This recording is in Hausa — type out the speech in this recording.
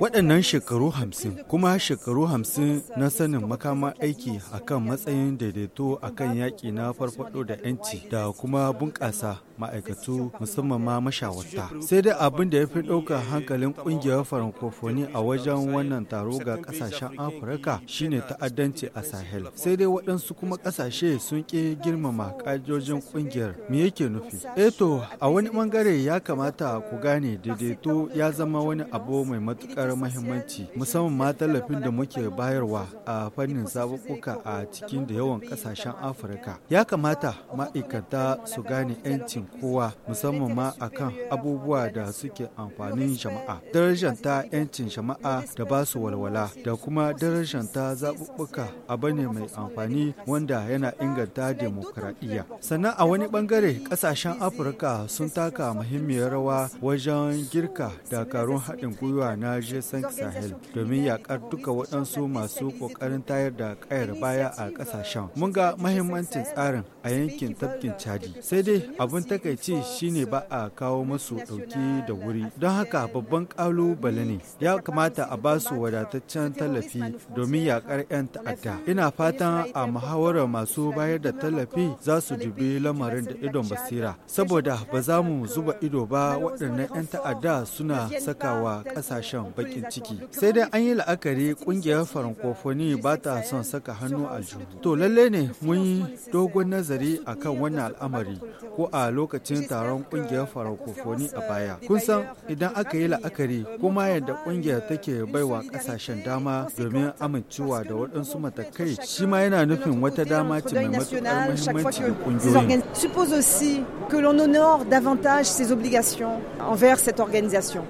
Waɗannan shekaru hamsin kuma shekaru hamsin na sanin makaman aiki akan matsayin daidaito akan yaƙi na farfaɗo da 'yanci da kuma bunƙasa ma'aikatu musamman ma mashawarta. Sai dai abin da ya fi ɗaukar hankalin ƙungiyar farankofoni a wajen wannan taro ga ƙasashen Afirka shine ta'addanci a Sahel. Sai dai waɗansu kuma ƙasashe sun ƙi girmama ƙa'idojin ƙungiyar. Me yake nufi? Eto, eh a wani ɓangare ya kamata ku gane daidaito ya zama wani abu mai matuƙar mahimmanci musamman ma tallafin da muke bayarwa a fannin zaɓuɓɓuka a cikin da yawan ƙasashen Afirka. Ya kamata ma'aikata su gane 'yancin kowa musamman ma akan abubuwa da suke amfanin jama'a ta 'yancin jama'a da ba su walwala da kuma ta zaɓuɓɓuka abu ne mai amfani wanda yana inganta demokuraɗiyya sannan a wani ɓangare, ƙasashen afirka sun taka muhimmiyar rawa wajen girka dakarun haɗin gwiwa na jason sahel domin yaƙar duka waɗansu masu ƙoƙarin tayar da ƙayar baya a ƙasashen mun ga mahimmancin tsarin a yankin tafkin chadi sai dai abin ta takaici shine ba a kawo masu ɗauki da wuri don haka babban ƙalubale ne ya kamata a ba su wadataccen tallafi domin yakar 'yan ta'adda ina fatan a muhawarar masu bayar da tallafi za su dubi lamarin da idon basira saboda ba za mu zuba ido ba waɗannan 'yan ta'adda suna sakawa ƙasashen bakin ciki sai dai an yi la'akari ƙungiyar farankofoni ba ta son saka hannu a to lalle ne mun yi dogon nazari akan wannan al'amari ko a lokacin lokacin taron kungiyar farakofoni a baya kun san idan aka yi la'akari kuma yadda kungiyar take baiwa kasashen dama domin amincewa da waɗansu matakai shi ma yana nufin wata dama ce mai matuƙar muhimmanci da kungiyoyin suppose aussi que l'on honore davantage ses obligations envers cette organisation